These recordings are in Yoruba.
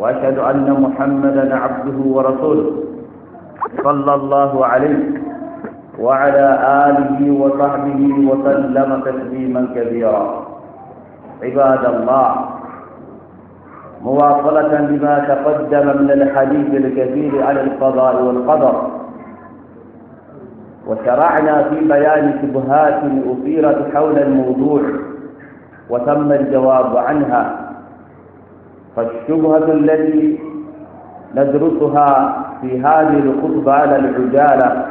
وأشهد أن محمدا عبده ورسوله صلى الله عليه وعلى آله وصحبه وسلم تسليما كبيرا عباد الله مواصلة بما تقدم من الحديث الكثير عن القضاء والقدر وشرعنا في بيان شبهات أثيرت حول الموضوع وتم الجواب عنها فالشبهة التي ندرسها في هذه الخطبة على العجالة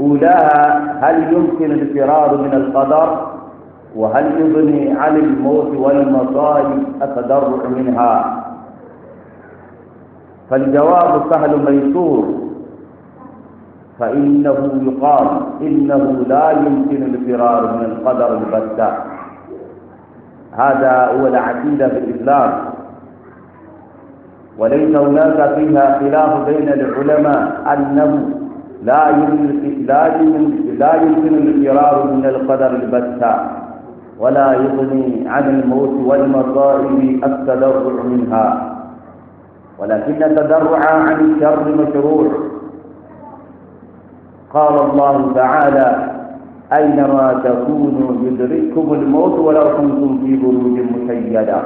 أولاها هل يمكن الفرار من القدر وهل يبني عن الموت والمصائب التضرع منها فالجواب سهل ميسور فإنه يقال إنه لا يمكن الفرار من القدر البتة هذا هو العقيدة في الإسلام وليس هناك فيها خلاف بين العلماء أنه لا يمكن لا يمكن الفرار من القدر البتة ولا يغني عن الموت والمصائب التدرع منها ولكن التدرع عن الشر مشروع قال الله تعالى أينما تكونوا يدرككم الموت ولو كنتم في بروج مشيدة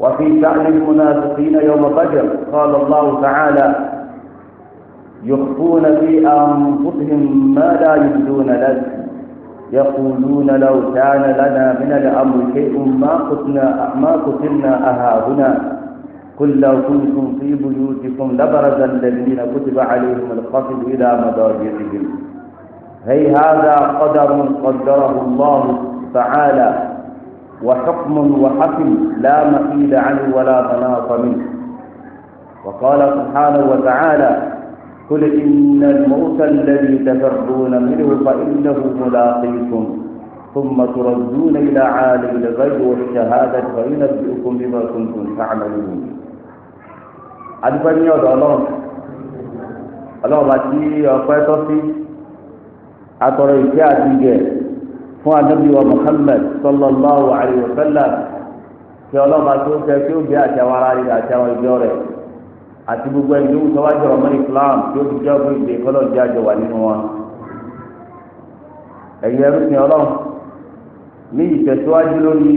وفي شأن المنافقين يوم بدر قال الله تعالى يخفون في أنفسهم ما لا يبدون لك يقولون لو كان لنا من الأمر شيء ما قتلنا ما قتلنا أهاهنا قل لو كنتم في بيوتكم لبرز الذين كتب عليهم القتل إلى مضاجعهم هي هذا قدر قدره الله تعالى وحكم وحكم لا مخيل عنه ولا مناط منه وقال سبحانه وتعالى قل إن الموت الذي تفرون منه فإنه ملاقيكم ثم تردون إلى عالم الغيب والشهادة فينبئكم بما كنتم تعملون أدبني يا الله الله باتي يا atọrọ ìfẹ́ àti ìgẹ̀ fún anabi wa muhammed sallallahu alayhi wa sallam kí ọlọ́ba tó kẹ kí ó bẹ àti àwọn ará rẹ̀ àti àwọn ìjọ rẹ̀ àti gbogbo ẹni tó wájú ọmọ islam tí ó fi jẹ́ ọgbẹ́ ìgbé kọ́lọ̀ jẹ́ àjọ wà nínú wọn. ẹ̀yin ẹrú sin ọlọ́run ní ìtẹ̀síwájú lórí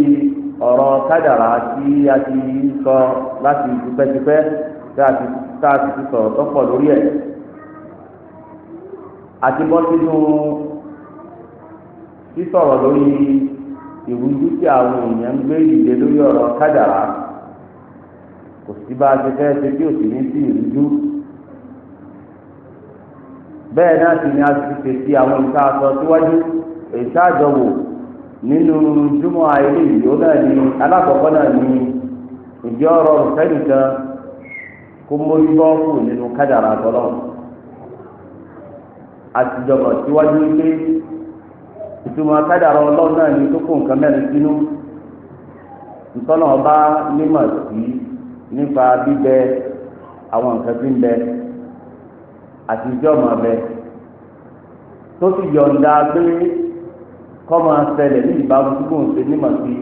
ọ̀rọ̀ kádàrá tí a ti sọ láti tipẹ́tipẹ́ tá a ti sọ̀rọ̀ tó lórí ẹ̀. àti bọ́ sínú sísọ̀rọ̀ lórí ìrújú tí àwọn èèyàn ń gbé ìdílé lórí ọ̀rọ̀ kádàrá kò sí bá a ṣe fẹ́ ṣe kí òsì ní sí ìrújú bẹ́ẹ̀ náà sì ni a ti ṣe àwọn ìta aṣọ síwájú ìta àjọwò nínú júmọ̀ ayé ìlú náà ni àtijọba síwájú pé ìtumọ̀ kádàrá ọlọ́run náà ni tó kó nǹkan mẹ́rin sínú ntọ́nà ọba mímọ̀ sí nípa bíbẹ àwọn nǹkan tí ń bẹ àti bẹ tó sì yọ̀ǹda pé kọ́ máa ṣẹlẹ̀ ní ìbámu tí kò ń ṣe sí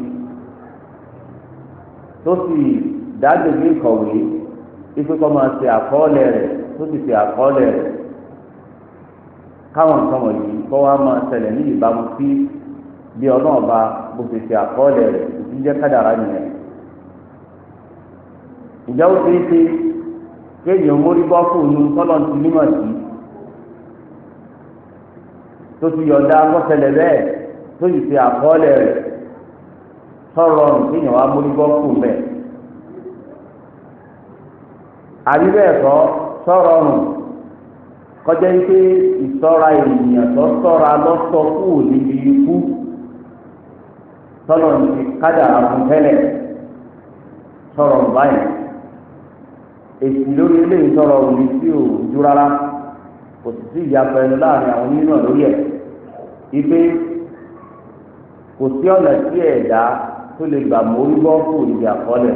tó sì bí ife káwọn nǹkan wọ̀nyí kọ́ wa máa ṣẹlẹ̀ ní ìbámu sí bí bá bó ṣe ṣe àkọọ́lẹ̀ rẹ̀ ìdíjẹ́ kádàrá nìyẹn. ìjà ó ṣeé ṣe kéèyàn mórí bọ́ fún tọ́lọ̀ ti nímọ̀ sí tó ti yọ̀ǹda mọ́ṣẹlẹ̀ bẹ́ẹ̀ tó sì ṣe àkọọ́lẹ̀ rẹ̀ sọ̀rọ̀ kọjá yìí pé ìṣọ́ra ènìyàn tó ṣọ́ra lọ́sọ̀ kù níbi ikú tọ́lọ̀ ní kádàrà fún tẹ́lẹ̀ sọ̀rọ̀ báyìí èsì lórí eléyìí sọ̀rọ̀ òní tí ò dú rárá kò sì sí ìyàpọ̀ ẹnu láàrin àwọn onímọ̀ lórí ẹ̀ ipe kò sí ọ̀nà tí ẹ̀dá tó lè gbà mórí bọ́ kù níbi àkọọ́lẹ̀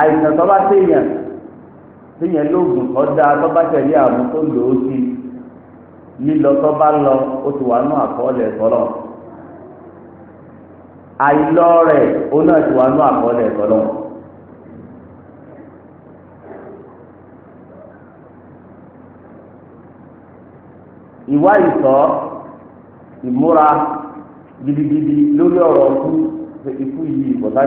àìsàn tó bá séèyàn séèyàn lóògùn tó bá tẹ̀lé àrùn tó lò ó sí lílọ tó bá lọ ó ti wà nù àkọọ́lẹ̀ tọ́lọ̀ àìlọ rẹ̀ ó náà ti wà nù àkọọ́lẹ̀ tọ́lọ̀. ìwà ìsọ ìmúra gidigidi lórí ọ̀rọ̀ ọkú ikú yìí ìbọ̀tá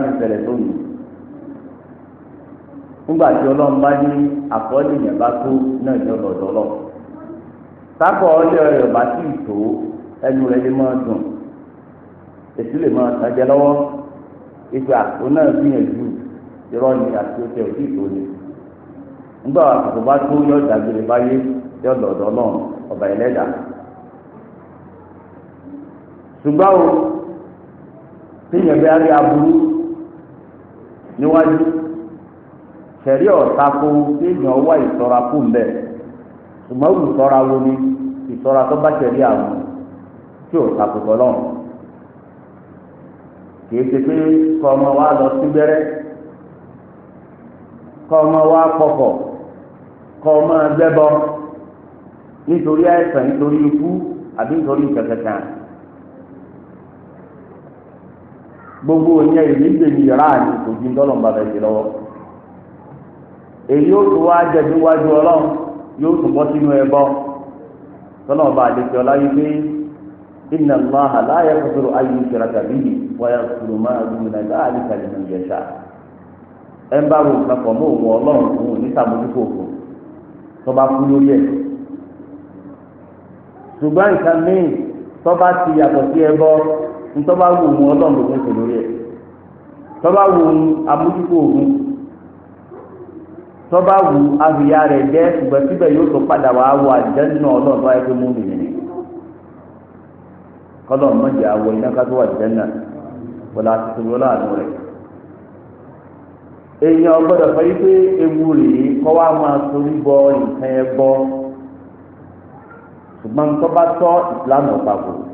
nígbà tí ọlọ́run bá ní àkọọ́lẹ̀ yẹn bá tó náà ọlẹ́ bá sì tó ẹnu rẹ̀ lè máa dùn èsì lè máa lọ́wọ́ ìgbà tó náà gbìyànjú ni àti oṣù òjì tó ni. nígbà àkókò bá tó yọ ìdágbére báyé yọ tẹ̀rí ọ̀ta kó kéèyàn wá ìṣọ́ra fún bẹ́ẹ̀ ṣùgbọ́n ó wo ni ìṣọ́ra tó bá tẹ̀rí àwọn tí ò kìí ṣe pé kọ́ ọmọ wa lọ sí gbẹ́rẹ́ kọ́ ọmọ wa pọ̀pọ̀ kọ́ ọmọ gbẹ́bọ nítorí nítorí gbogbo ìyẹn ìlú ìgbèmí lọ́wọ́. èyí ó tó wá jẹ̀bi wájú ọlọ́run yóò tó bọ́ sínú ọba àdéhùn ọláyé pé inna Allaha la yaghfiru an yushraka bihi ma duna dhalika liman yasha ẹ ń bá ro nǹkan mọ́ òun ọlọ́run òun ní sàmójúkò tọ́ba kú lórí ẹ̀ ti yàtọ̀ tọ́ba wù ahùyá rẹ̀ jẹ́ ṣùgbọ́n síbẹ̀ yóò tó padà wá wọ àjẹ́nù ọlọ́ọ̀tọ́ ẹgbẹ́ mú mi nìyí kọ́lọ̀ mọ̀jẹ̀ àwọ̀ iná ká tó wà àjẹ́nà wọlé àtúntò wọlé àánú rẹ̀. èèyàn gbọ́dọ̀ ewu rèé kọ́ wá máa nǹkan ẹ bọ́ ṣùgbọ́n tọ́ ìsìlámù ọ̀pàpọ̀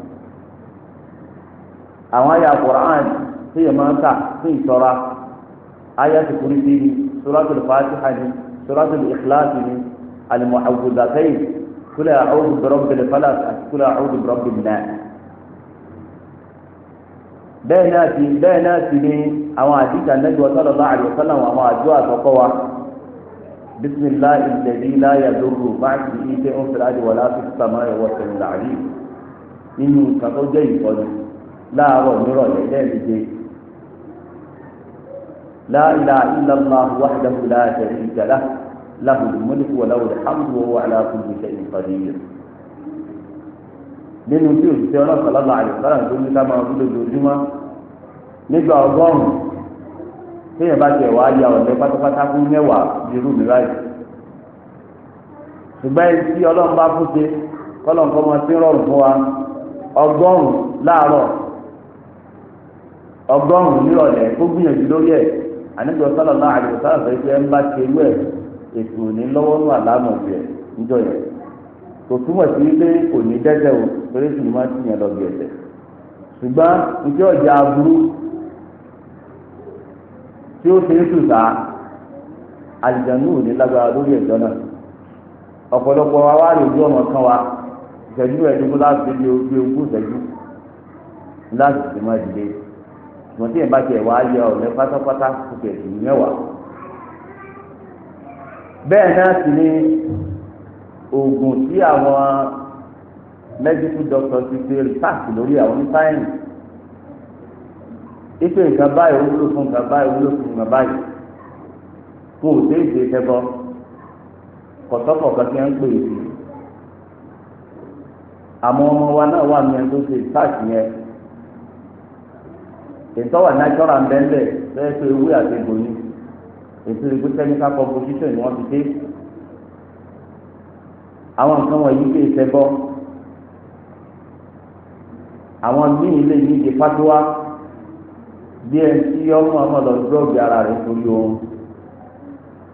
àwọn suratul fatiha ni suratul ikhlas ni alimuhawudatayi kula a'udhu bi rabbil falaq àti kula a'udhu bi rabbin nas bẹ́ẹ̀ náà ti bẹ́ẹ̀ náà ti ní àwọn àdìgbà nẹ́bí ọ̀sán ọ̀la àdìgbà àwọn àjọ àtọ́kọ́ wa bisimilahi ilẹ̀dí láyà lóru báàkì iṣẹ́ ń fẹ́rẹ́ àdìwọ̀ láti sàmà ẹ̀wọ̀ sẹ̀lẹ̀ àrí nínú nǹkan tó jẹ́ ìkọlù láàárọ̀ nírọ̀lẹ́ lẹ́ẹ̀mejì لا إله إلا الله وحده لا شريك له له الملك وله الحمد وهو على كل شيء قدير nínú tí òṣìṣẹ́ ọlọ́sọ̀lá bá àlùfáà tó ní ká máa wúlò lójúmọ́ nígbà ọgọ́rùn-ún téèyàn bá tiẹ̀ wá ya ọ̀lẹ́ pátápátá fún mẹ́wàá irú mi ṣùgbọ́n ẹni tí ọlọ́run bá fún ṣe kọ́lọ́n kọ́ máa ti rọrùn àníbi ọ̀sán ọ̀la àdìgbòsá àgbẹ̀ pé ẹ̀ ń bá ṣe wẹ̀ ètò òní lọ́wọ́ nù níjọ kò túmọ̀ lọ bí ṣùgbọ́n aburú tí ó tù àlìjánu lágbára lórí ẹ̀jọ́ náà ọ̀pọ̀lọpọ̀ wa wá lójú kan wa ìṣẹ́jú ẹ̀dínkù láti fi ojú ìṣẹ́jú láti fi máa wọn tí yẹn bá tiẹ̀ wàá yọ ọ̀lẹ́ pátápátá kókè sí mẹ́wàá bẹ́ẹ̀ náà sì ni oògùn tí àwọn medical doctor ti ṣe research lórí àwọn ní sáyẹ́ǹsì ipe nǹkan báyìí wúlò fún nǹkan báyìí wúlò fún nǹkan báyìí kó o ṣe é ṣe kan kí ń pè é sí àmọ́ ọmọ wa náà wà ní ẹni tó ṣe research yẹn ìtọ́wà nájọ́ra ń bẹ́ńbẹ́ bẹ́ẹ̀ tó ewé àti egbò ni ètò ìgbé technical composition ni wọ́n ti dé àwọn nǹkan wọ̀nyí pé ìṣẹ́bọ́ àwọn míì lè ní ìdè pátúwá bí ẹni tí ọmọ ọmọ lọ dúrọ́ọ̀gì ara rẹ̀ torí ohun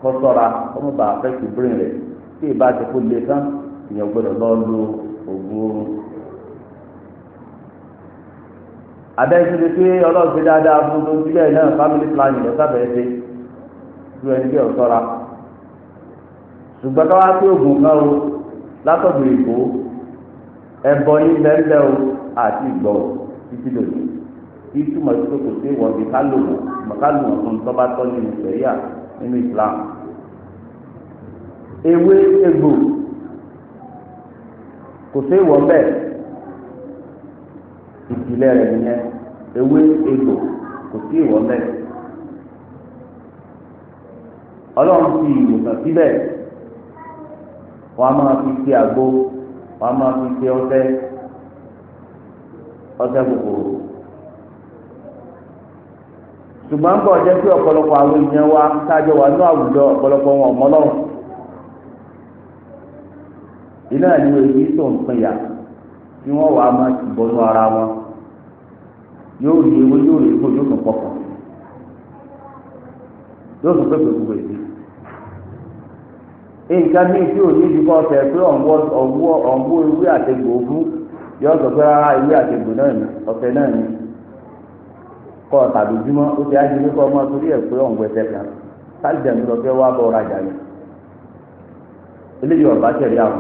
kọ́ sọ́ra ọmọ bàá fẹ́ ti brain rẹ̀ tí ìbá ti kó lè tán èèyàn gbọ́dọ̀ lọ́ọ́ lo oògùn oorun abẹ́sí ni pé ọlọ́run fi dáadáa fún tó ń sílẹ̀ náà family planning lọ́sàbẹ̀ẹ́ ṣe ju ẹni bí ọ̀sọ́ra ṣùgbọ́n káwá pé oògùn kan o látọ̀gbìn èkó ẹ̀bọ yín lẹ́lẹ́ o àti ìgbọ̀ títí lòdì kí túmọ̀ sí pé kò sí ìwọ̀n bí kálò mọ̀ kálò wọn fún tọ́ba tọ́ nínú sẹ̀ríà nínú Islam ewé egbò kò sí ìwọ̀n bẹ́ẹ̀. ìpìlẹ̀ rẹ̀ nìyẹn ewé egbò kò sí ìwọ bẹ́ẹ̀ ọlọ́run fi ìwòsàn síbẹ̀ wọ́n á máa fi ṣe àgbo wọ́n á máa fi ṣe ọṣẹ ọṣẹ kòkòrò ṣùgbọ́n bọ̀ jẹ́ pé ọ̀pọ̀lọpọ̀ àwọn èèyàn wa wa ní àwùjọ ọ̀pọ̀lọpọ̀ wọn ọ̀mọ́lọ́run tó wọn wọ́n wàá máa ti bọ́nú ara wọn yóò rí ewé yóò rí egbò yóò tún pọ̀pọ̀ yóò tún pépè gbogbo èdè nǹkan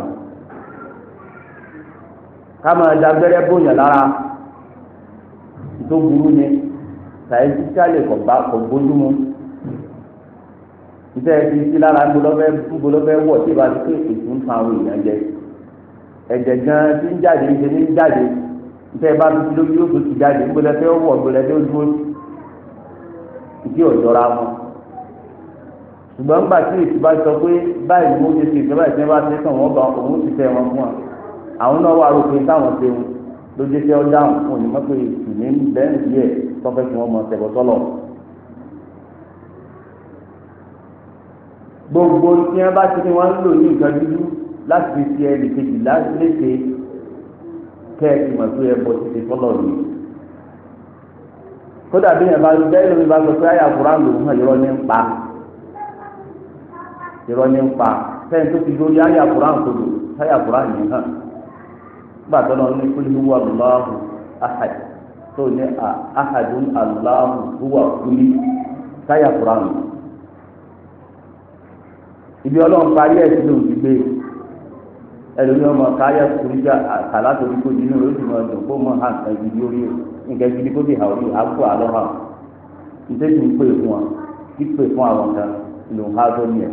tí ká máa da abẹ́rẹ́ bóyàn lára tó burú ni sàyẹ́ntìkálì kò bá kò bójúmu iṣẹ́ ti ti lára gbolọ́fẹ́ gbolọ́fẹ́ wọ̀ tí ìbá ti pé ètò ń fa àwọn èèyàn jẹ ẹ̀jẹ̀ gan ti ń jáde ṣe ní ń jáde iṣẹ́ bá ti lójú yóò ti jáde gbolọ́fẹ́ wọ̀ gbolọ́fẹ́ dúró ìdí ọ̀dọ́ra wọn ṣùgbọ́n nígbà tí ètò bá sọ pé báyìí ni wọ́n ti ṣe ìjọba ìṣẹ́ bá ti sàn wọ́n bá òun ti fẹ́ wọn fún wa àwọn náà wà rúfin táwọn ṣe ń lójú tí ó dáhùn fún ní mọ́tò èsì ní bẹ́ẹ̀ díẹ̀ tọ́fẹ́ tí wọ́n mọ ṣẹ̀bọ̀ sọ́lọ̀. gbogbo tí wọ́n bá ti ní wọ́n ń lò ní nǹkan dúdú láti fi ṣe ẹnì kejì léṣe kẹ́ẹ̀kì mọ̀ tó yẹ bọ́ ti ṣe sọ́lọ̀ yìí. kódà bí yẹn bá bẹ́ẹ̀ lómi bá sọ pé àyà Kùránì lòun hàn irọ́ ní ń pa irọ́ ní ń pa fẹ́ẹ̀ tó fi lórí àyà Kùránì kò nígbà tó lọ ní kúlù wà Allahu ahad tó ní ahadun Allahu huwa kúlù táyà kúránù ibi ọlọ́run parí ẹ̀ sílẹ̀ òbí gbé ẹlòmíràn ọmọ káyà kúrújà kàlá torí kó di inú rẹ̀ ó sì máa dùn kó mọ hàn ẹ̀yìn ní orí rẹ̀ nǹkan gidi kó di àwọn àpò àlọ́ hàn nítorí ń pè fún wa ń pè fún àwọn kan ló há tó ní ẹ̀.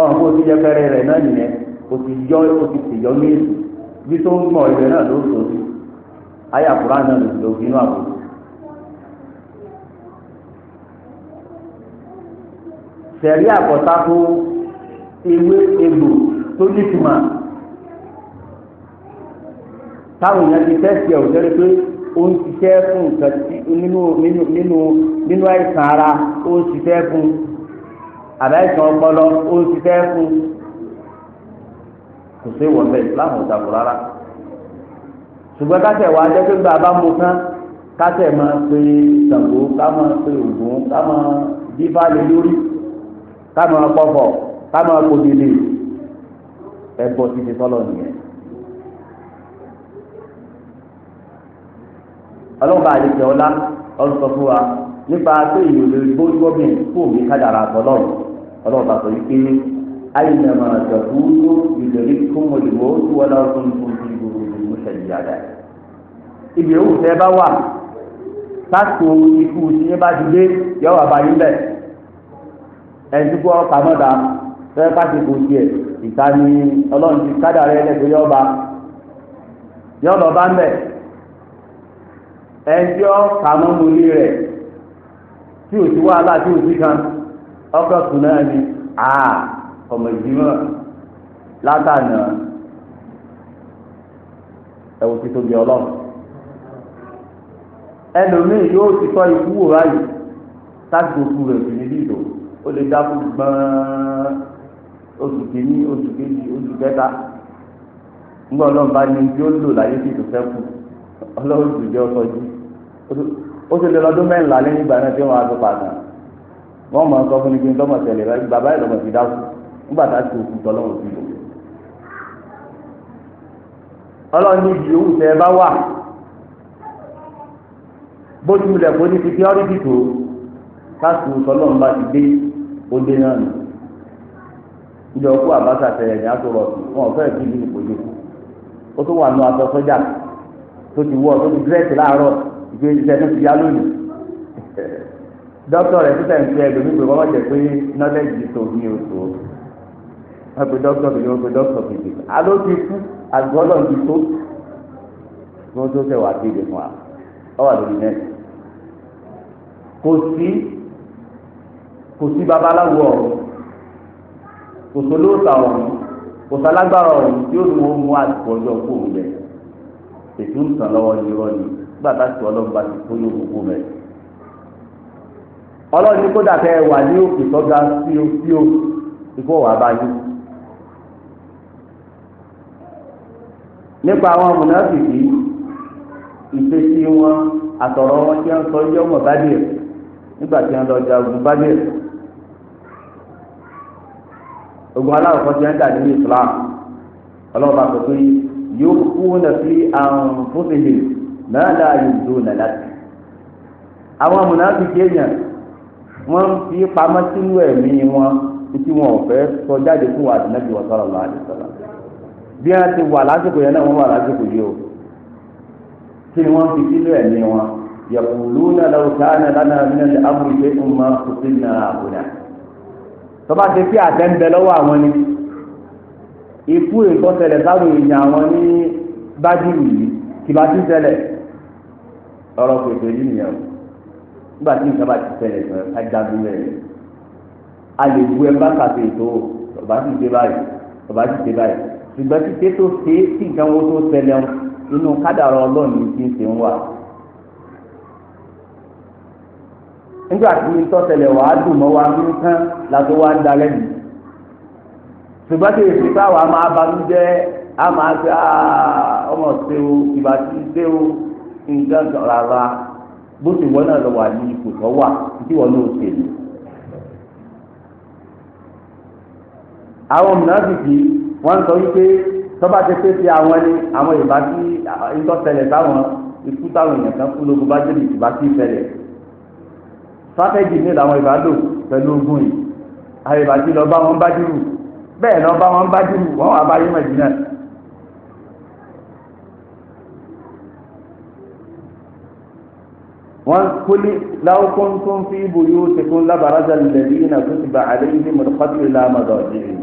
ọ̀hún kó o ti yẹpẹrẹ rẹ̀ náà nìyẹn o ti yọ o ti tìyọ ní èso bí tó ń gbọ̀n ibẹ̀ náà ló sọ sí ayé àkùrá náà ló sọ inú àbò. sẹ̀rí àkọ́tà fún ewé egbò tó nítumà táwọn èèyàn ti tẹ́sí ẹ̀ òjẹ́rẹ́ pé ó ń ṣiṣẹ́ fún nǹkan nínú nínú nínú àìsàn ara ó ń ṣiṣẹ́ fún àbáyìsàn ọpọlọ ó ti fẹ́ fún kò sí ìwọ̀n bẹ́ẹ̀ islam ò dàgbò rárá ṣùgbọ́n kásẹ̀ wá jẹ́ pé bàbá mu tán kásẹ̀ máa pe Ṣàngó ká máa pe Ògún ká máa dífá lé lórí ká máa pọ̀fọ̀ ká máa kòdìlè ẹ̀bọ̀ ti ti sọ́lọ̀ nìyẹn. ọlọ́ba àdìsẹ́ ọlá ọ̀sọ̀ fún wa nípa pé ìròyìn bóyúbọ́bìn fún òmìnkádàrà àtọ́lọ́rùn. ọlọ́run bá sọ yìí pé àyìnbá máa dàbúrò ìlérí kún olùwọ́ tí wọ́n náà tún tún tún sẹ́yìn yàrá. ibi òwò tẹ́ bá wà sáàtò ikú tí yẹn bá ti dé yọ wà bá yín bẹ̀ fẹ́ kò tiẹ̀ ọlọ́run ti kádà rẹ lẹ́gbẹ̀ẹ́ bá ń bẹ̀ ọkọ̀ tún náà ni a ọmọ ìdímọ̀ látànà ẹ̀wọ̀n ti tóbi ọlọ́run ẹlòmíì yóò ti tọ́ ikú wò báyìí táàgì òkú rẹ̀ sì ní lílo ó lè dákú gbọ́n oṣù kìíní oṣù kejì oṣù kẹta ńgbọ́n ọlọ́run bá ní tí ó lò láyé tí kò fẹ́ kù ọlọ́run sì jẹ́ ọtọ́jú ó ti lè lọ́dún mẹ́rìnlá lẹ́yìn ìgbà náà tí wọ́n á tó padà wọ́n máa ń sọ fún mi pé ń tọ́mọ̀ tẹ̀lé rẹ bàbá yìí lọ́mọ ti dáhùn nígbà tá a ti òkú tọ́lọ́wọ́ sí lò. ọlọ́run ní ibi òwú tẹ ẹ bá wà bójú ilẹ̀ kó ní fífi ọ́rìbì tó káàsì tọ́lọ́run bá ti dé ó dé náà nù. ìjọ kú àbáṣà tẹ̀lé ní àtọ̀rọ̀ wọn ò kí ní ìpòjò ó tó wà nù aṣọ tó ti wọ̀ tó ti dírẹ́sì láàárọ̀ ìgbé tó ti yá lónìí dókítà rẹ̀ títà ń fi ẹlòmí pé wọ́n jẹ́ pé nọ́lẹ́jì tó ní oṣù o wọ́n pe dókítà kejì wọ́n pe dókítà kejì alo ti kú agbọ́dọ̀ ti tó wọ́n tó fẹ́ wà á kéde fún wa ọ wà lórí nẹ́ẹ̀tì kò sí kò sí babaláwo ọ̀run kò sólóòtà ọ̀run kò sálágbára ọ̀run tí ó lù wọ́n mú àtìkú ọjọ́ kó o lẹ̀ ètò ń tàn lọ́wọ́ ni gbàtà tí ọlọ́run bá ti tó yóò gbogbo mẹ́rin ọlọ́run ní kódà tẹ́ ẹ wà ní òkè tọ́ga fíó fíó ikú wà báyìí. nípa àwọn mùnàfìkì ìfésì wọn àtọ̀rọ̀ wọn tí wọ́n sọ yí ọmọ bádìẹ̀ nígbà tí wọ́n lọ ja ogun bádìẹ̀. ogun aláwọ̀ kan ti ń dà nínú Islam ọlọ́run bá sọ pé yóò kú nàfi àrùn fúnfìlì náà láàyè ìdó nàlá. àwọn mùnàfìkì èèyàn wọ́n ń fi pamọ́ sínú ẹ̀mí wọn títí wọn ò fẹ́ sọ jáde fún wa àdìmẹ́bí wọn sọ̀rọ̀ lọ́wọ́ àdìsọ́lá bí wọ́n ti wà lásìkò yẹn náà wọ́n wà lásìkò yìí o kí ni wọ́n fi sínú ẹ̀mí wọn yẹ̀kùlú náà lọ́wọ́ sáánà lánàá nínú amúlé ọmọ kùtì náà àbúrà tọ́ba ti fi àtẹ́ńbẹ́ lọ́wọ́ àwọn ni ikú ìkọ́sẹ̀lẹ̀ sáwọn èèyàn àwọn ní bájú yìí kìbá ti ṣẹlẹ̀ ọ̀rọ̀ pèpè yìí nìyẹn o nígbà tí nǹkan ti ṣẹlẹ̀ tán ká jáde lẹ́yìn bu ẹgbẹ́ kàfé tó ọba sì dé báyìí ọba sì dé báyìí ṣùgbọ́n títí tó ṣe é tí nǹkan wo tó ṣẹlẹ̀ inú kádàrá ọlọ́run ní ti ń ṣe ń wà. nígbà tí mi tọ́sẹ̀lẹ̀ wà á dùn mọ́ wa mí tán látó wá ń dalẹ̀ yìí ṣùgbọ́n tí èsì táwa máa banú jẹ́ a máa ṣe ọmọ ṣe o ìbátí ṣe o nǹkan rárá bó ti wọ́n náà lọ wà ní ipò tó wà tí wọ́n náà ṣe lò. àwọn mùnàfíkì wọ́n sọ wípé tọ́ba ti pé sí àwọn ẹni àwọn ìbá tí ìtọ́sẹ̀lẹ̀ táwọn ikú táwọn èèyàn kan kú lógun bá jẹ́ ìbá tí ìfẹ̀lẹ̀ sátẹ́jì ní làwọn ìbá lò pẹ̀lú ogun yìí àwọn ìbá tí lọ bá wọn bá dìrù bẹ́ẹ̀ lọ bá wọn bá dìrù wọ́n wà bá yé mẹ̀jì náà wọ́n kúlí law kuntum fi buyutikum labaraza alladhina kutiba alayhim al-qatlu ila madaji'ihim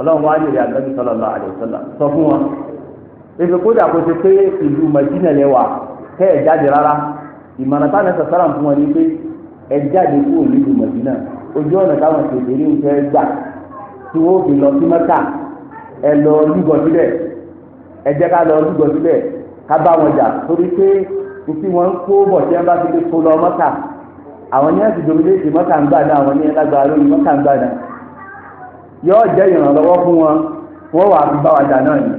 ọlọ́run wá yèrè àgbẹ̀bí sallallahu alaihi wasallam sọ fún wọn ebi kódà kó ti pé ìlú Madina lẹ́wà kẹ́ ẹ̀ jáde rárá ìmọ̀ràn táwọn ẹ̀sẹ̀ fún wọn ni pé ẹ̀ jáde kúrò nílùú Madina ojú ọ̀nà táwọn tètè rí nǹkan gbà tí wọ́n fi lọ sí Mẹ́kà ẹ lọ lúgọ ìfi wọn kó bọ̀ tí wọn bá fi lè kó lọ mọ́tà àwọn yẹn ti dominate mọ́tà ń gbà náà àwọn yẹn lágbára lórí mọ́tà ń gbà náà yóò jẹ́ ìrànlọ́wọ́ fún wọn wọ́n wà á fi bá wa jà náà ni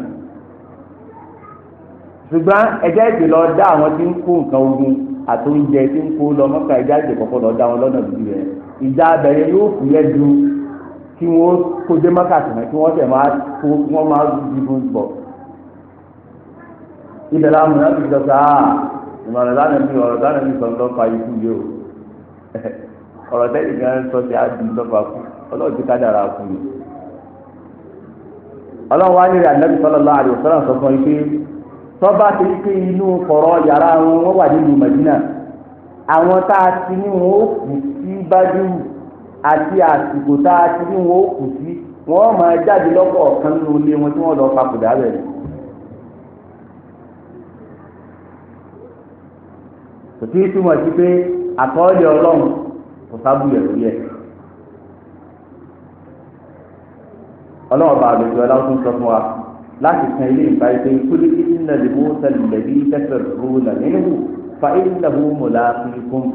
ṣùgbọ́n ẹ̀jẹ̀ ìpè lọ dá àwọn tí ń kó nǹkan ogun àtòúnjẹ tí ń kó lọ mọ́tà ẹ̀jẹ̀ ìpè kọ́kọ́ lọ dá wọn lọ́nà bíbí rẹ̀ ìjà abẹ́rẹ́ yóò kú yẹ ju kí wọ́n kó dé mọ́tà tìmọ̀ kí wọ́n tẹ̀ máa kó wọ́n máa dìbò bọ̀ ibẹ̀ làwọn mìíràn ti sọ sáà ìmọ̀ràn lánàá mi ọ̀rọ̀ lánàá mi sọ̀rọ̀ lọ́pàá ikú yìí o ọ̀rọ̀ tẹ́lẹ̀ kan sọ ti adi lọ́pàá kú ọlọ́run ti kádàrà kú mi. ọlọ́run wá nílẹ̀ ànábì sallallahu alaihi wasallam sọ fún ike tọ́ba ti ń pé inú kọ̀rọ̀ yàrá wọn wọ́n wà nínú Mẹ̀dínà àwọn tá a ti ní wọn ó kù sí bájú àti àsìkò tá a ti ní wọn ó kù sí wọ́n máa jáde lọ́kọ̀ọ̀kan nínú ilé wọn tí wọ́n lọ papòdà bẹ̀rẹ̀ kò tí ì túmọ̀ sí pé àkọọ́lẹ̀ ọlọ́run kò sábúyẹ̀ lórí ẹ̀. ọlọ́run bá àgbẹ̀jọ ọlá tún sọ fún wa láti kan ilé ìgbà ìpè kúlí ìdílé lè mú sẹ́lẹ̀ bí tẹ́sẹ̀ rúù nà nínú fa ìdílé mú mọ̀lá fi kún.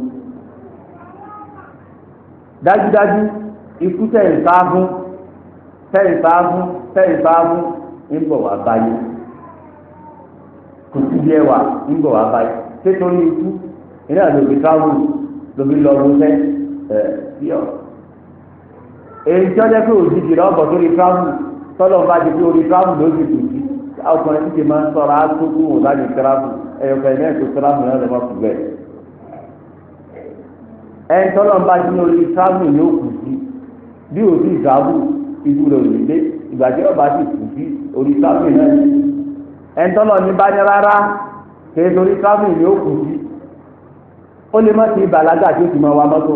dájúdájú ikú tẹ̀yìn sáfún tẹ̀yìn sáfún tẹ̀yìn sáfún ń bọ̀ wá báyìí kò sí ilé wa ń bọ̀ wá báyìí sétorí ikú iná lòbí káwù lòbí lọ́rùn sẹ́ ẹ̀ bí ọ. èyí tí wọ́n jẹ́ pé òjijì lọ́bọ̀ tó rí káwù tọ́lọ̀ bá di pé orí káwù ló ti dùn sí ọkùnrin títí máa ń sọ̀rọ̀ àtúkù wò láti kíráàmù ẹ̀yọ̀kọ̀ ẹ̀ náà tó kíráàmù náà lọ́wọ́ kù bẹ́ẹ̀. ẹ̀ ń tọ́lọ̀ bá di orí káwù yóò kù sí bí òbí ìdáwù ibú rẹ̀ ò ní dé ìgbàjẹ́ orí káwù yóò kù sí ó lè má ti bàlágà tí ó ti máa wa mọ́tò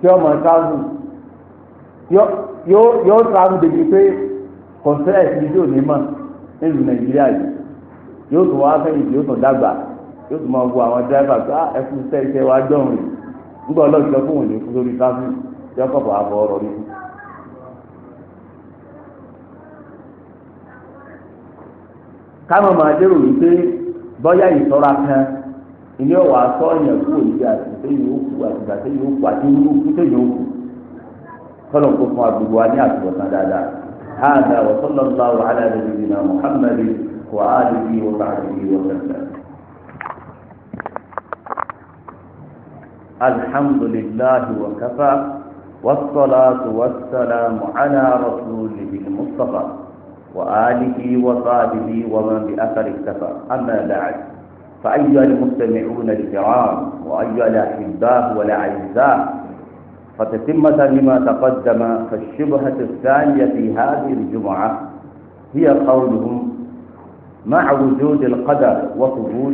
tí ọmọ travel yóò yóò travel débi pé kọ̀ǹsẹ́ẹ̀t ní tí ò ní mọ̀ nílùú nàìjíríà yìí yóò tún wá fẹ́yìn yóò tún dàgbà yóò tún máa wo àwọn dírẹ́fà pé ah, ẹkún iṣẹ́ iṣẹ́ wa dọ̀rùn rè nígbà ọlọ́run sọ fún òun ní fún lórí travel tí ọkọ̀ bọ̀ àbọ̀ ọ̀rọ̀ rí. káwọn máa dérò wípé bọ́yá ìṣọ́ra kan ilé ọ̀wà atọ́ yẹn kú òyìnbí yìí ó kú yìí ó kú àti irú kú tẹ̀ ó kú kọ́lọ̀ kó fún agbègbè wa ní àtúbọ̀tán dáadáa hàdà wa sallallahu ala nabiyyina muhammadin wa alihi wa sahbihi wa sallam. الحمد لله وكفى والصلاة والسلام على رسوله المصطفى وآله وصحبه ومن بأثر اكتفى أما بعد فأيها المستمعون الكرام وأيها الأحباء والأعزاء فتتمة لما تقدم فالشبهة الثانية في هذه الجمعة هي قولهم مع وجود القدر وثبوته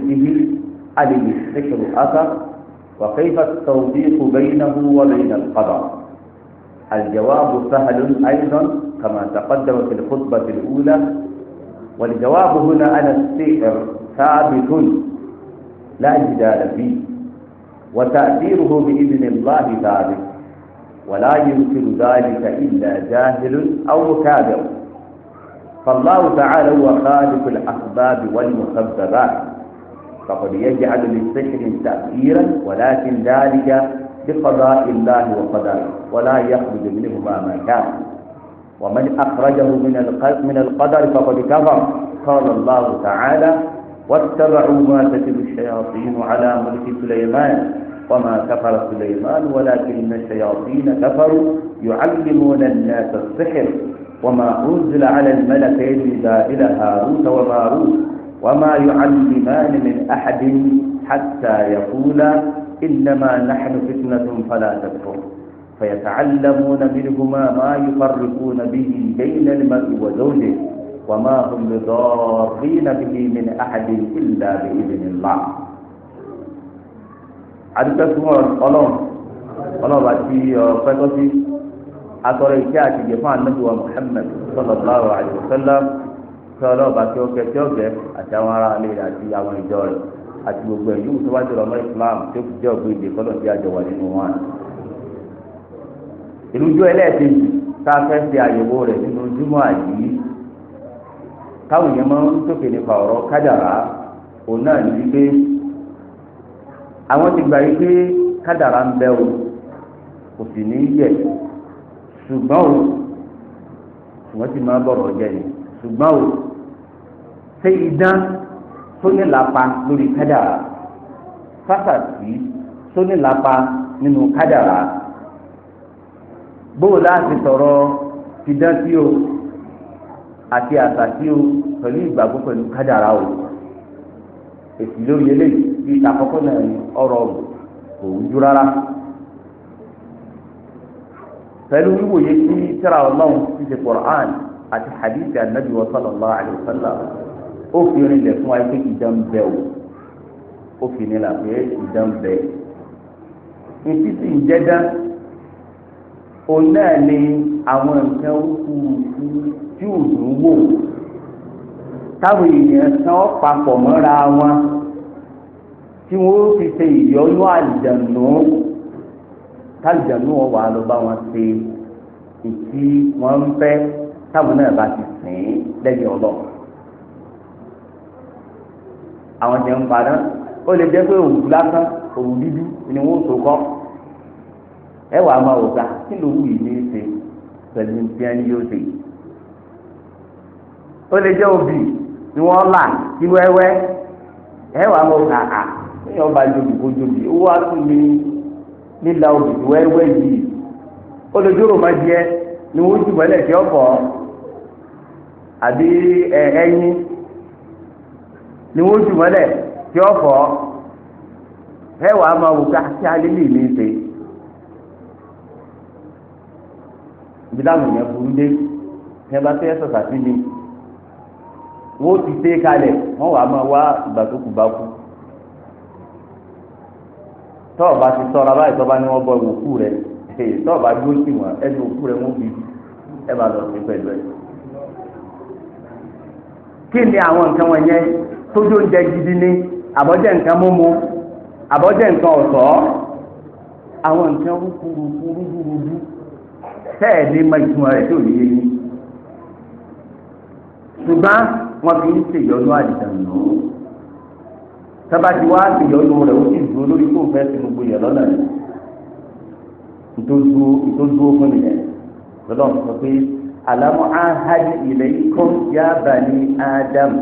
السحر أثر وكيف التوفيق بينه وبين القدر الجواب سهل أيضا كما تقدم في الخطبة الأولى والجواب هنا أن السحر ثابت لا جدال فيه وتأثيره بإذن الله ثابت ولا ينكر ذلك إلا جاهل أو كافر فالله تعالى هو خالق الأسباب والمسببات فقد يجعل للسحر تأثيرا ولكن ذلك بقضاء الله وقدره ولا يخرج منهما ما كان ومن أخرجه من القدر فقد كفر قال الله تعالى واتبعوا ما تتل الشياطين على ملك سليمان وما كفر سليمان ولكن الشياطين كفروا يعلمون الناس السحر وما أنزل على الملكين بابل هاروت وماروت وما يعلمان من أحد حتى يقولا إنما نحن فتنة فلا تكفر فيتعلمون منهما ما يفرقون به بين المرء وزوجه وما هم rí nàbíyí من ní àhàdì ìlà الله. ní ńlá. adúpẹ́ fún ọlọ́run ọlọ́run bá ti ọ̀pẹ́ tó sí atọ́rọ iṣẹ́ àtijọ́ fún anábìwá Muhammad sallallahu alaihi wasallam tí ọlọ́run bá ti ọkẹ́ tí ọ̀gẹ́ àti àwọn ará alẹ́ rẹ̀ àti àwọn ìjọ rẹ̀ àti gbogbo ẹ̀yìn tó bá jọrọ ọmọ Islam tó fi jẹ́ ọ̀gbìn ìdè kọ́lọ̀ tí a jọ wà nínú wọn. ìrújú ẹlẹ́ẹ̀kejì tá a fẹ́ ṣe àyẹ̀wò rẹ̀ nínú júmọ́ àyíyí táwọn èèyàn máa ń sókè nípa ọ̀rọ̀ kádàrá òun náà ní wípé àwọn ti gbà yí pé kádàrá ń bẹ o kò sì ní yẹ ṣùgbọ́n o ṣùgbọ́n ti máa bọ̀rọ̀ jẹ ni ṣùgbọ́n o ṣé idán tó ní lápa lórí kádàrá fásitì tó ní lápa nínú kádàrá bóòlá ti sọ̀rọ̀ ti sí o àti àtàtì o pẹ̀lú ìgbàgbọ́ pẹ̀lú kádàrá o èsì lórí eléyìí bí ìtàkọ́kọ́ náà ní ọ̀rọ̀ kò rújú rárá pẹ̀lú wíwòye tí tíra ọlọ́run ti ṣe Qur'an àti hadith anabi wa sallallahu alayhi wa sallam ó fi orin lẹ̀ fún wa pé ìdán bẹ́ o ó fi ní pé ìdán bẹ́ ẹ̀ ń jẹ́ dán òun ni àwọn nǹkan kú tí ò ní wò táwọn èèyàn tán papọ̀ mọ́ra wọn tí wọ́n fi ṣe ìyọ́nú àjànú tájànú ọ̀wà ló bá wọn ṣe ìtì wọn ń fẹ́ táwọn náà bá ti sìn lẹ́yìn ọlọ́run àwọn jẹun padà ó lè jẹ́ pé òwú lásán òwú dúdú ni wọ́n so kọ́. ẹ wà máa wò kí ló wù yìí ní í ṣe pẹ̀lú yóò ṣe. ó lè jẹ́ òbí ni wọ́n là wẹ́wẹ́ ẹ wà máa wò à ní ọba kó ó wá tún mi nílà òbí wẹ́wẹ́ yìí ó lè dúró máa jẹ ni wọ́n jù àbí ni wọ́n jù ibi táwọn èèyàn burú dé ẹba tẹ́ sọ̀tà sí mi wọ́n ti tẹ́ kalẹ̀ wọ́n wàá máa wá ìgbà tó kù bá kú tọ́ọ̀bá ti sọ̀rọ̀ abáyé tọ́ba ni wọ́n bọ ìwò kú rẹ̀ tọ́ọ̀bá dúró sí wọn ẹni òkú rẹ̀ wọ́n fi ẹ bá lọ sí pẹ̀lú ẹ̀. kí ni àwọn nǹkan wọn yẹn tójú oúnjẹ gidi ni àbọ̀jẹ̀ nǹkan mímu àbọ̀jẹ̀ nǹkan ọ̀ṣọ́ àwọn nǹkan rúkúrúkú rúdúrúdú tẹ́ ẹ̀ lé mọ ìtumọ̀ rẹ̀ tí ò ní yé yín ṣùgbọ́n wọn fi ń ṣèyọnu àdìdànù tábàtì wá ṣèyọnu rẹ̀ ó sì dúró lórí kó fẹ́ ti gbogbo yẹ̀ lọ́nà rẹ̀ ìtòjú ogun nìyẹn lọ́dọ̀ sọ pé alamu ahadi ilaykum ya bani adam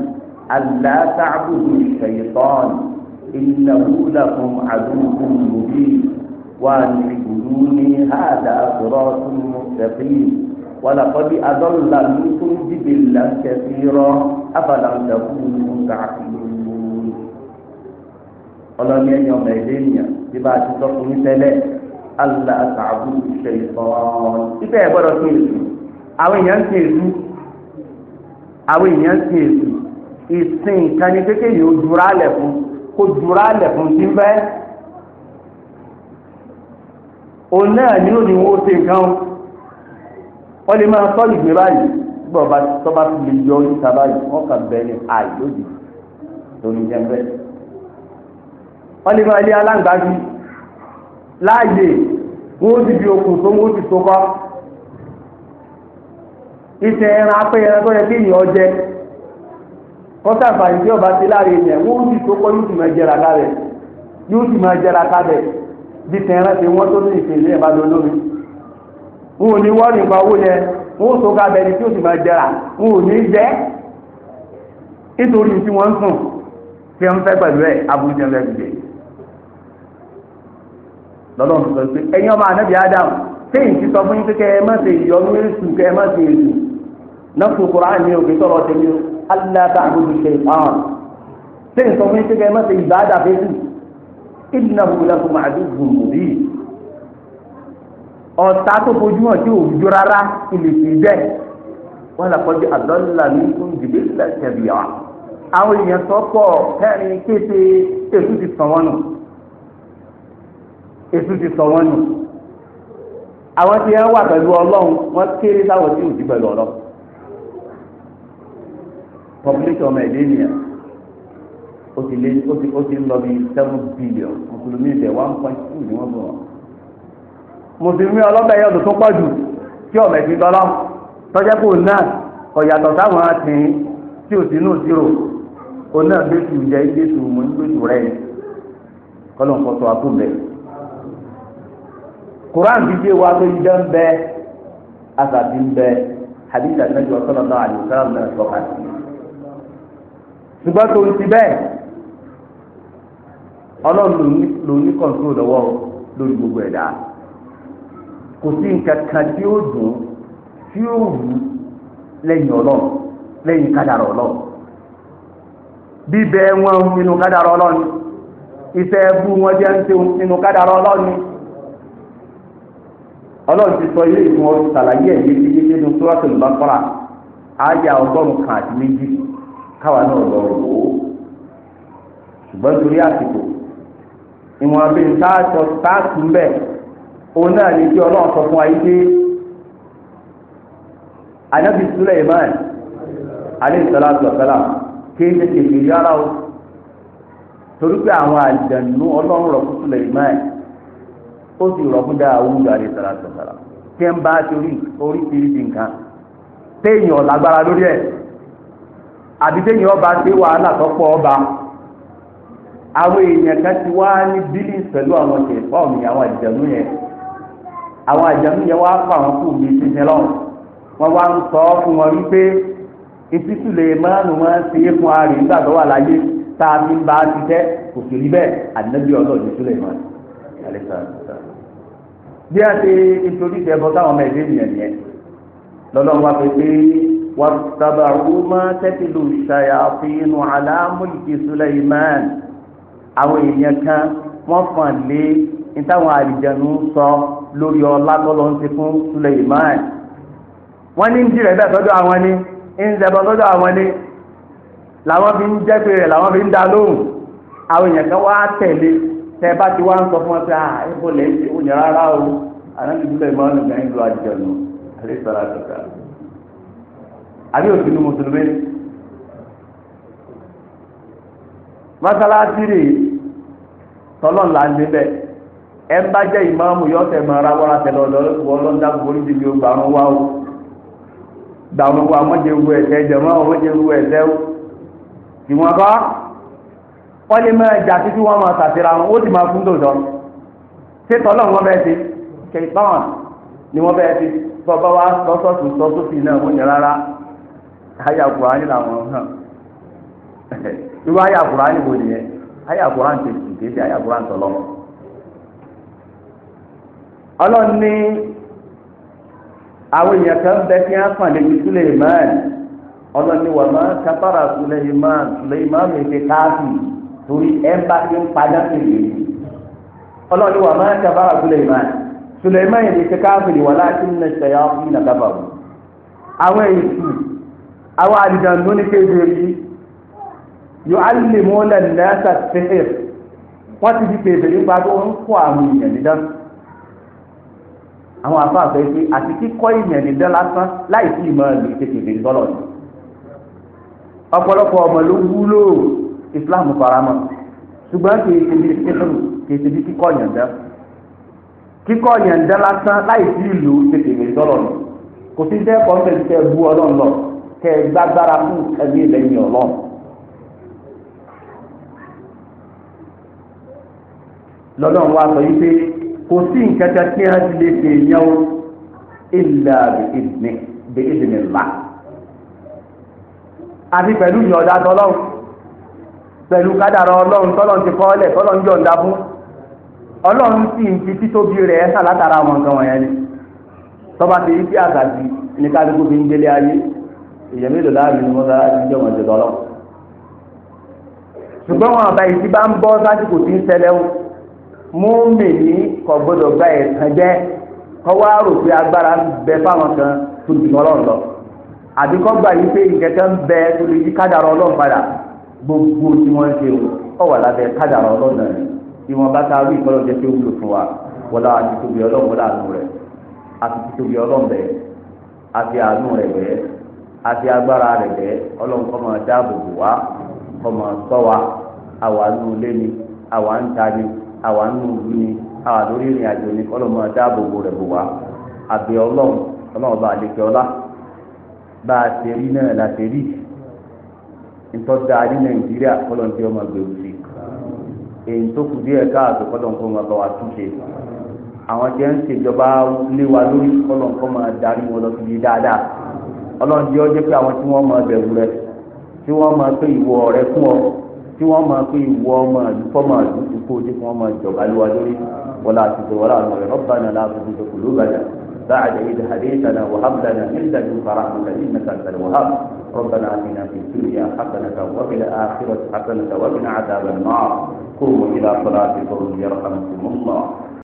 alla ta'budu shaytan innahu lakum aduwwun mubin. وأن اعبدوني هذا صراط مستقيم ولقد أضل منكم جبلا كثيرا أفلم تكونوا تعقلون ọlọ́ni ẹ̀yàn ọmọ ẹ̀dẹ́ ènìyàn bí bá a ti sọ fún yín tẹ́lẹ̀ alá àtàbù ìṣe ìfọ̀n. ibẹ̀ ẹ̀ gbọ́dọ̀ sí èsù àwọn èèyàn sí èsù àwọn èèyàn sí èsù ìsìn nǹkan ni kékeré yóò dúró fún kó dúró alẹ̀ fún sí bẹ́ẹ̀ òun náà ni ó ní wọ́n ṣe nǹkan o wọ́n lè máa sọ ìgbé báyìí gbọ́ bá tọ́ba ti lè yọ oríta báyìí wọ́n kà bẹ́ẹ̀ ni àìlódì lórí jẹ́ńbẹ́ wọ́n lè máa lé aláǹgbájú láàyè wọ́n ti fi okùn tó wọ́n ti tó kọ́ ìtẹ̀ ẹran apẹ́ ẹran tó yẹ kí èèyàn jẹ kọ́sà àǹfààní tí ọba ti láàrin yẹn wọ́n ti tó kọ́ yóò sì máa jẹra kábẹ̀ yóò sì máa jẹra kábẹ̀ bí tẹ̀rẹ́ ti wọ́n tó ní ìpínlẹ̀ ẹ̀ bá lọ lómi. wọn ò ní wọ́n nípa owó yẹn wọn ò so ká bẹni tí ó sì máa jẹrà wọn ò ní jẹ́ nítorí tí wọ́n ń sùn tí wọ́n ń fẹ́ pẹ̀lú ẹ̀ aburú jẹun lẹ́nu jẹ. lọ́dọ̀ ń sọ pé ẹ̀yin ọmọ anábì ádámù téyìn ti sọ fún yín pé kẹ́ ẹ má ṣe ìyọnu náà fún Kùránì mi ò fi o aláta àbójú ṣe ìpáhàn téyìn sọ fún yín pé kẹ́ ẹ má fẹ́sù innahu lahum aduwwun mubin ọ̀tá tó fojú hàn tí òun jó rárá ilé ti bẹ́ẹ̀ wọ́n lè kọjú àdọ́là ní fún jìbìlá tẹ̀bíyà àwọn èèyàn tó pọ̀ kẹrin kété èṣù ti sàn wọ́n nù èṣù ti sàn wọ́n nù àwọn tí wọ́n wà pẹ̀lú ọlọ́run wọ́n kéré sáwọn tí ò sí pẹ̀lú ọlọ́run population ọmọ ẹ̀dẹ́ ó ti lé ó ti ó ti ń lọ bí seven billion mùsùlùmí ibẹ̀ one point two ni wọ́n bọ̀ wọ́n. mùsùlùmí ọlọ́bẹ̀ yẹn ọdún tó pọ̀ jù tí ọ̀mẹ̀ ti lọ́lọ́ tọ́jẹ́ kó náà ọ̀yàtọ̀ táwọn àti tí ò sínú zero ó náà gbèsè ìjẹ́ gbèsè òmù gbèsè rẹ̀ kọ́lọ́n kọ́tọ́ àkùnbẹ̀. kuran dídé wa tó yí dán bẹ́ àtàbí ń bẹ́ hadith àti nàìjíríà sọ́nà náà àdìsọ́nà náà sọ́kà. ṣùgbọ́n tó ń ti bẹ́ẹ̀ ọlọ́run ló ní kọ̀ǹtò lọ́wọ́ lórí gbogbo ẹ̀dá kò sí nǹkan kan tí ó dùn tí ó wù lẹ́yìn ọlọ́run lẹ́yìn kádàrá ọlọ́run bíbẹ wọn nínú kádàrá ọlọ́run ìfẹ́ bú wọn jẹ́ ń tẹun nínú ọlọ́run ọlọ́run ti sọ ilé ìfún ọdún ẹ̀yẹ ti nínú ọgọ́rùn-ún kan àti méjì káwa náà lọ rò ó ṣùgbọ́n torí ìwọ̀n bí táàtọ̀ táàtù ń bẹ̀ òun náà lè fi ọlọ́run sọ fún wa yìí pé anabi Suleiman alayhi salatu kéde kéde o torí pé àwọn àjànú ọlọ́run rọ̀ fún Suleiman ó sì rọ̀ fún ọba wàhálà tó pọ̀ ọba. àwọn èèyàn kan ti wá ní bílí pẹ̀lú àwọn tẹ̀fọ́ mi àwọn àjẹmú yẹn àwọn àjẹmú yẹn wá pa àwọn kù mí sísẹ lọ́wọ́ wọ́n wá ń sọ fún wọn wípé ìtítù lè máa nù wọ́n ṣe é fún ààrẹ nígbà tó wà láyé tá a fi ń bá a ti tẹ́ kò sì rí bẹ́ẹ̀ ànábì ọlọ́ọ̀dún sílẹ̀ mọ́ bí a ṣe nítorí ìṣẹ́ bọ́ táwọn ọmọ ẹ̀dẹ́ ènìyàn yẹn lọ́lọ́run wá pé pé wàtàbàrú àwọn èèyàn kan wọ́n fàn lé nítawọn àlìjẹnu sọ lórí ọlá tọ́lọ́ ń ti fún Suleiman wọ́n ní ń jí rẹ̀ bẹ́ẹ̀ sọ́dọ̀ àwọn ni ń zẹbọ sọ́dọ̀ àwọn ni làwọn fi ń jẹ́ pé rẹ̀ làwọn fi ń dá lóhùn àwọn èèyàn kan wá tẹ̀lé tẹ bá ti wá ń sọ fún ọ pé à ah, ibo lè ṣe ó yẹra rárá o ànábi ìdílé ìmọ̀ ọ̀nà ìgbà ìlú àjọyọ̀ àlẹ́ sọ̀rọ̀ àtọ̀kà. àbí òsì ni mùsùlùmí mọ́sálásí rèé tọ́lọ́n la ń lé bẹ́ẹ̀ ẹ bá jẹ́ ìmáàmù yọ ara wọ́n o gbà wọn wá o gbà wọn wá wọ́n jẹ́ wu ẹ̀tẹ́ jẹ̀mọ́ wọ́n jẹ́ wu ẹ̀tẹ́ o tí wọ́n kọ́ wọ́n lè títí wọ́n máa sàtìrà wọn ó sì máa fún ṣé tọ́lọ́n wọn bẹ́ẹ̀ ti ni wọ́n bẹ́ẹ̀ ti wa ayé àkùrán ti sùn kìí ṣe ayé àkùrán tọ̀lọ́ ọlọ́run ní àwọn èèyàn kan bẹ kí wọ́n pàdé ju Suleiman ọlọ́run ní wàmọ́ kápára mi ti torí bá ti ń padà sí ọlọ́run ní wàmọ́ kápára yìí ti ń ìnàdàbà àwọn àwọn yóò alẹ́ mọ́ lẹ́nu lẹ́sà fẹ́ẹ́ wọ́n ti di pèsè nípa tó ń kó àwọn èèyàn nìdán àwọn afa àfẹ́ pé àti kíkọ́ èèyàn nìdán lásán láì sí ìmọ̀ ẹ̀lú kékeré tọ́lọ̀ ni ọ̀pọ̀lọpọ̀ ọmọ ló wúlò ìsìláàmù faramọ́ ṣùgbọ́n kì í ṣe bí kékeré kì í ṣe bí kíkọ́ èèyàn dán kíkọ́ èèyàn dán lásán láì sí ìlú kékeré tọ́lọ̀ ni kò sí dẹ́kọ̀ọ́ fẹ́ẹ́ bu ọlọ́run lọ kẹ́ gbágbára lọ́lọ́run wá sọ yìí pé kò sí nǹkan kan tí wọ́n ti lè fi yẹn o ìlà bẹ ìdìní ńlá àti pẹ̀lú ìyọ̀dá tọ́lọ́run pẹ̀lú kádàrá ọlọ́run tọ́lọ́run ti kọ́ ọ́lẹ̀ tọ́lọ́run yọ̀ǹda fún ọlọ́run sì ń fi títóbi rẹ̀ ẹ́ látara àwọn nǹkan wọ̀nyẹn ni tọ́ba ti rí sí àgàdì ní kálukú fi ń gbélé ayé èèyàn mélòó láàrin ni wọ́n sá ti jẹ́ wọn jẹ́ tọ́lọ́run ṣùgbọ́n wọn àbáyé tí bá ń bọ́ sásìkò tí ń ṣẹlẹ̀ múmìnì kò gbọdọ̀ gba ẹ̀sán jẹ́ kọ́ wá rò pé agbára ń bẹ fáwọn kan tó dùn ọlọ́run lọ àbí kọ́ gbà yìí pé ìkẹ́kẹ́ ń bẹ tó lè yí kádàrá ọlọ́run padà gbogbo tí wọ́n ń ṣe o ọ wà lábẹ́ kádàrá ọlọ́run náà tí wọ́n bá sáré ìkọlọ́ jẹ́ pé ó wúlò fún wa wọlá àtìtòbí ọlọ́run wọlá àánú rẹ̀ àtìtòbí ọlọ́run bẹ̀ àti àánú rẹ̀ bẹ̀ àti agbára rẹ̀ bẹ̀ ọlọ́run kó máa dáàbò bò wá kó máa ṣọ́ wa àwa nù lé ni àwa ń ta ni àwa nù òru ni àwa lórí ìrìn àjò ni kọ́lọ́mọ dáàbòbò Abi bò wá àbí ọlọ́run ọlọ́run bá àlejò ọlá bá a ṣe rí náà la ṣe rí ntọ́jà ní nàìjíríà kọ́lọ́n tí ọmọ gbèrú sí èyí tó kù díẹ̀ káàtó kọ́lọ́n kó máa bá wa túnṣe àwọn tí ń ṣèjọba lé wa lórí máa darí wọn lọ síbi dáadáa ọ tí wọ́n máa pé ìwọ ọmọ àdú fọ́mọ àdú ti kó dé fún ọmọ ìjọba lówà lórí wọlá àtúntò wọlá àwọn ọ̀rẹ́ rọ́bànà láàbù tó kù ló bàjá بعد إذ هديتنا وهب لنا من لدنك رحمة إنك أنت الوهاب ربنا آتنا في الدنيا حسنة وفي الآخرة حسنة وقنا عذاب النار قوموا إلى صلاتكم يرحمكم الله